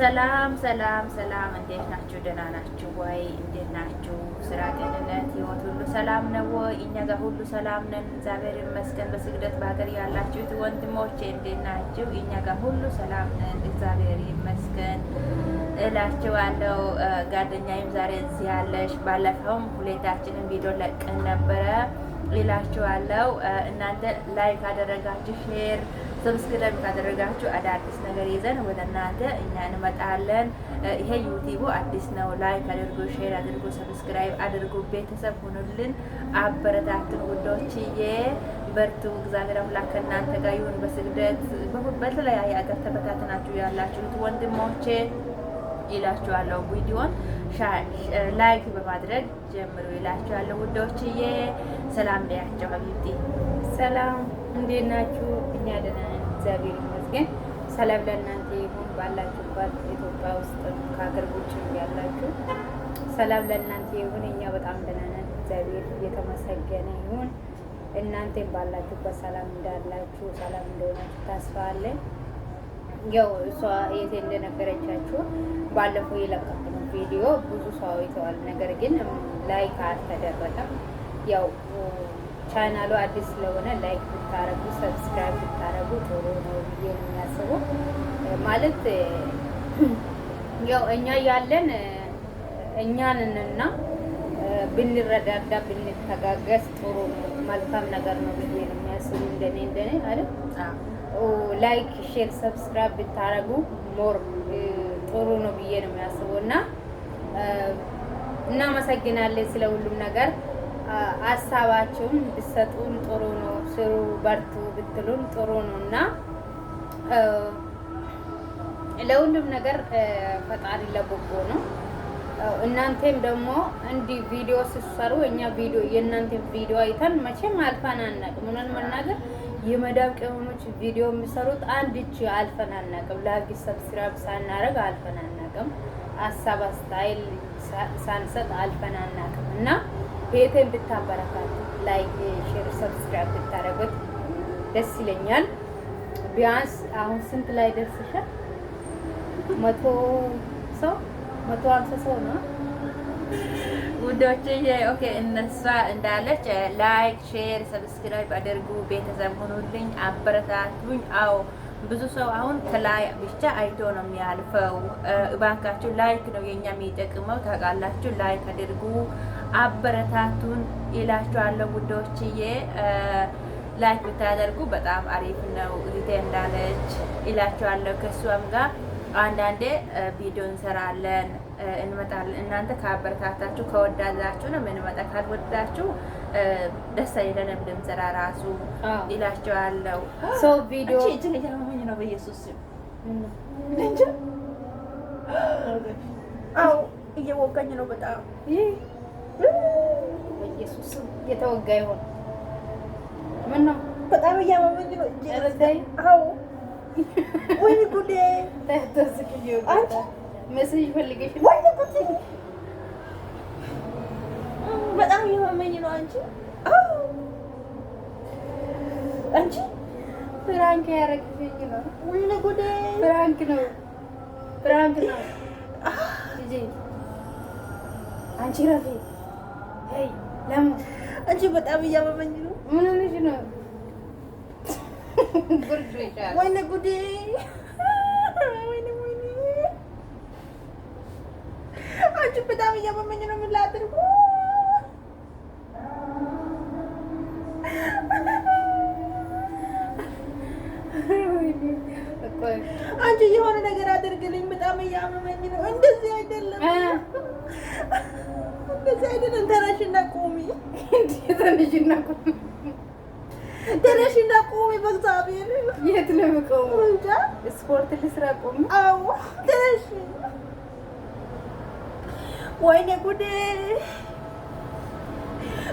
ሰላም ሰላም ሰላም፣ እንዴት ናችሁ? ደህና ናችሁ ወይ? እንዴት ናችሁ? ስራ፣ ጤንነት፣ ህይወት ሁሉ ሰላም ነው ወይ? እኛ ጋር ሁሉ ሰላም ነን፣ እግዚአብሔር ይመስገን። በስግደት በሀገር ያላችሁት ወንድሞቼ እንዴት ናችሁ? እኛ ጋር ሁሉ ሰላም ነን፣ እግዚአብሔር ይመስገን እላችኋለሁ። ጓደኛዬም ዛሬ እዚህ ያለሽ፣ ባለፈውም ሁለታችንም ቪዲዮ ለቀን ነበረ እላችኋለሁ። እናንተ ላይክ አደረጋችሁ ሼር ሰብስክራይብ ካደረጋችሁ አዳዲስ ነገር ይዘን ወደ እናንተ እኛ እንመጣለን። ይሄ ዩቲቡ አዲስ ነው። ላይክ አድርጎ፣ ሼር አድርጎ፣ ሰብስክራይብ አድርጎ ቤተሰብ ሁኑልን፣ አበረታትን ውዶችዬ፣ በርቱ። እግዚአብሔር አምላክ ከእናንተ ጋር ይሁን። በስግደት በተለያየ አገር ተበታትናችሁ ያላችሁት ወንድሞቼ ይላችኋለሁ ቪዲዮን ላይክ በማድረግ ጀምሩ ይላችኋለሁ። ውዶችዬ ሰላም ቢያቸው ሀቢብቲ ሰላም፣ እንዴት ናችሁ? እኛ ደህና ነን፣ እግዚአብሔር ይመስገን። ሰላም ለእናንተ ይሁን ባላችሁባት፣ ኢትዮጵያ ውስጥ ከሀገር ውጭ ያላችሁ ሰላም ለእናንተ ይሁን። እኛ በጣም ደህና ነን፣ እግዚአብሔር እየተመሰገነ ይሁን። እናንተም ባላችሁበት ሰላም እንዳላችሁ ሰላም እንደሆናችሁ ተስፋ አለን። ያው እሷ የት እንደነበረቻችሁ ባለፈው ይለቃል ቪዲዮ ብዙ ሰው ይተዋል፣ ነገር ግን ላይክ አልተደረገም። ያው ቻናሉ አዲስ ስለሆነ ላይክ ብታረጉ ሰብስክራይብ ብታረጉ ጥሩ ነው ብዬ ነው የሚያስበው። ማለት ያው እኛ ያለን እኛንንና ብንረዳዳ ብንተጋገስ ጥሩ ነው፣ መልካም ነገር ነው ብዬ ነው የሚያስቡ። እንደኔ እንደኔ አይደል ላይክ ሼር ሰብስክራይብ ብታረጉ ሞር ጥሩ ነው ብዬ ነው የሚያስበው እና እናመሰግናለን ስለ ሁሉም ነገር። ሀሳባችሁን ብትሰጡን ጥሩ ነው። ስሩ በርቱ ብትሉን ጥሩ ነው እና ለሁሉም ነገር ፈጣሪ ለበጎ ነው። እናንተም ደግሞ እንዲህ ቪዲዮ ስትሰሩ እኛ ቪዲዮ የእናንተ ቪዲዮ አይተን መቼም አልፋን አናውቅም። ምንን መናገር የመዳብ ቅመሞች ቪዲዮ የሚሰሩት አንድ እጅ አልፈን አናውቅም። ላይክ ሰብስክራይብ ሳናረግ አልፈን አናውቅም። ሀሳብ አስተያየት ሳንሰጥ አልፈን አናውቅም እና ቤቴን ብታበረካቱ ላይክ፣ ሼር፣ ሰብስክራይብ ብታረጉት ደስ ይለኛል። ቢያንስ አሁን ስንት ላይ ደርሰሻል? መቶ ሰው መቶ ሀምሳ ሰው ነው ውዶችዬ ኦኬ፣ እነሷ እንዳለች ላይክ፣ ሼር፣ ሰብስክራይብ አድርጉ። ቤተሰብ ሁኑልኝ፣ አበረታቱኝ። አዎ ብዙ ሰው አሁን ከላይ ብቻ አይቶ ነው የሚያልፈው። እባካችሁ ላይክ ነው የኛ የሚጠቅመው ታውቃላችሁ። ላይክ አድርጉ፣ አበረታቱን ይላችኋለሁ ውዶችዬ። ላይክ ብታደርጉ በጣም አሪፍ ነው። እህቴ እንዳለች ይላችኋለሁ። ከእሷም ጋር አንዳንዴ ቪዲዮ እንሰራለን እንመጣለን። እናንተ ካበረታታችሁ ከወዳላችሁ ነው የምንመጣ። ካልወዳችሁ ደስ አይለንም። ድምፅራ ራሱ ይላቸዋለው ሰው ቪዲዮ ነው በኢየሱስ አው እየወጋኝ ነው በጣም በኢየሱስ እየተወጋ ይሆን ምን ነው በጣም እያመመኝ ነው እ መስል ይፈልገሽ ወይ? በጣም የሆነኝ ነው። አንቺ አንቺ ፍራንክ ያረግሽኝ ነው። ወይኔ ጉዴ! ፍራንክ ነው፣ ፍራንክ ነው። ልጄ አንቺ ረፊ ሄይ፣ ለሙ አንቺ በጣም እያመመኝ ነው። ምን ሆነሽ ነው? ጉድ ጉዴ! አንቺን በጣም እያመመኝ ነው የምላድር አንቺ የሆነ ነገር አድርግልኝ፣ በጣም እያመመኝ ነው። እንደዚህ አይደለም፣ እንደዚህ አይደለም። ተነሽና ቁሚ፣ ተነሽና ቁሚ፣ ተነሽና ቁሚ። በእግዚአብሔር የት ነው የምቆመው? ስፖርት ልስራ ቁሚ። አዎ ተነሽ ወይኔ ጉዴ!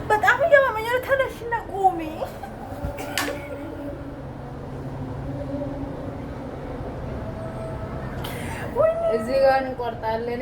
በጣም እየማመኛል። ተነሽና ቁሚ። እዚህ ጋር እንቆርጣለን።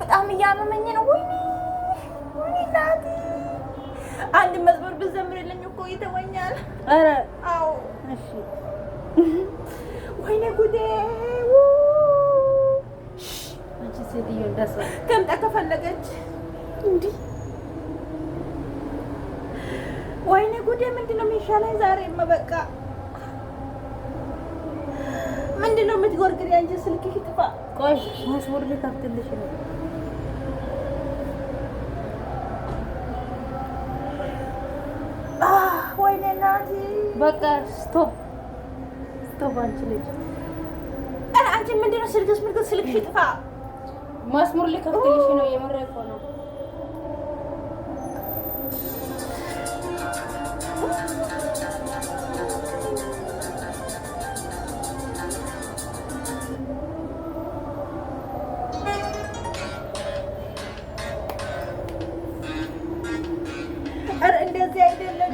በጣም እያመመኝ ነው። ወይኔ ወይኔ እናቴ አንድ መዝሙር ብዘምርልኝ እኮ ይተወኛል። ኧረ አዎ፣ እሺ። ወይኔ ጉዴ! ሴትዮ እንዳሰ ከምጣ ከፈለገች እንዲህ ወይኔ ጉዴ! ምንድን ነው የሚሻለኝ ዛሬማ በቃ ምንድን ነው የምትጎርግሪ? አንቺ ስልክ ይጥፋ። ቆይ መስሙር ልከፍትልሽ ነው። ወይኔ እናቴ! በቃ ስቶፕ ስቶፕ። አንቺ ልጅ አንቺ ምንድን ነው ስልክሽ? ምልክት ስልክሽ ይጥፋ። መስሙር ልከፍትልሽ ነው። የምሬ ነው።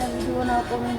ቪዲዮን አቁምን።